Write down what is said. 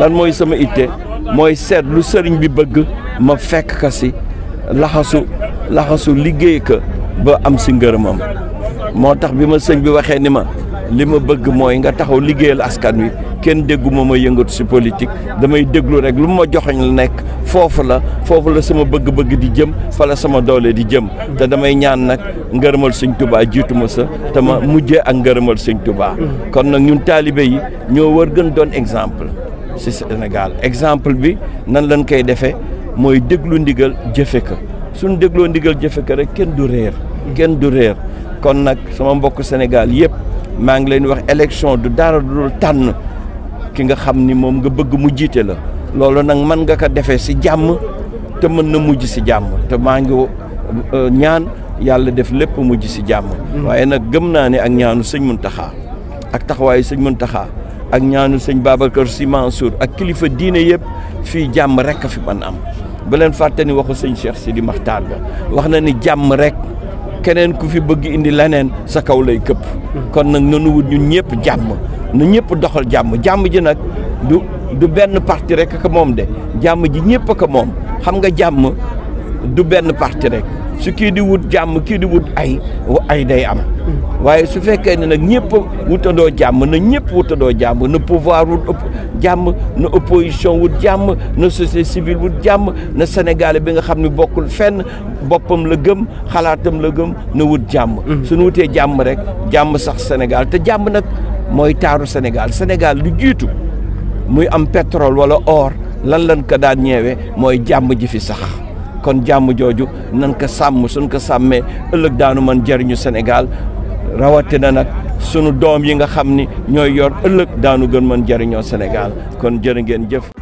lan mooy sama itte mooy seet lu sëriñ bi bëgg ma fekk ka si laxasu laxasu liggéey ka ba am si ngërëmam moo tax bi ma sëñ bi waxee ni ma li ma bëgg mooy nga taxaw liggéeyal askan wi kenn dégguma ma yëngatu si politique damay déglu rek lu ma joxoñ la nekk foofu la foofu la sama bëgg-bëgg di jëm fa la sama doole di jëm te damay ñaan nag ngërëmal sëñ Tuubaa jiitu ma sa te ma mujje ak ngërëmal sëñ Tuubaa kon nag ñun taalibe yi ñoo war gën doon exemple si Sénégal exemple bi nan lañ koy defee mooy déglu ndigal jëfe ko suñ dégloo ndigal jëfe ko rek kenn du réer kenn du réer kon nag sama mbokk Sénégal yëpp maa ngi leen wax élection du dara dul tànn ki nga xam ni moom nga bëgg mu jiite la loolu nag mën nga ko defee si jàmm te mën na mujj si jàmm te maa ngi euh, ñaan yàlla def lépp mujj si jàmm. Mm. waaye nag gëm naa ne ak ñaanu sëñ taxaa ak taxawaayu sëñ mun taxaa ak ñaanu sëñ Babacar Sy Mansour ak kilifa diine yëpp fii jàmm rek a fi mën am beleen leen fàtte ni waxu sëñ Cheikh Sidi Maxtaar la wax na ni jàmm rek. keneen ku fi bëgg indi leneen sa kaw lay këpp kon nag nanu wut ñun ñëpp jàmm na ñëpp doxal jàmm jàmm ji nag du du benn parti rek ka moom de jàmm ji ñëpp a ko moom xam nga jàmm du benn parti rek su kii di wut jàmm kii di wut ay ay day am waaye su fekkee ne nag ñëpp wutadoo jàmm na ñëpp wutadoo jàmm na pouvoir wut jàmm na opposition wut jàmm na société civile wut jàmm na sénégalais bi nga xam ne bokkul fenn boppam la gëm xalaatam la gëm na wut jàmm mm. suñu wutee jàmm rek jàmm sax Sénégal te jàmm nag mooy taaru Sénégal Sénégal lu jiitu muy am pétrole wala or lan lan ko daan ñeewee mooy jàmm ji fi sax kon jàmm jooju nan ko sàmm suñ ko sàmmee ëllëg daanu mën jariñu Sénégal rawatina nag sunu doom yi nga xam ni ñoo yor ëllëg daanu gën mën jëriñoo Sénégal kon jërë ngeen jëf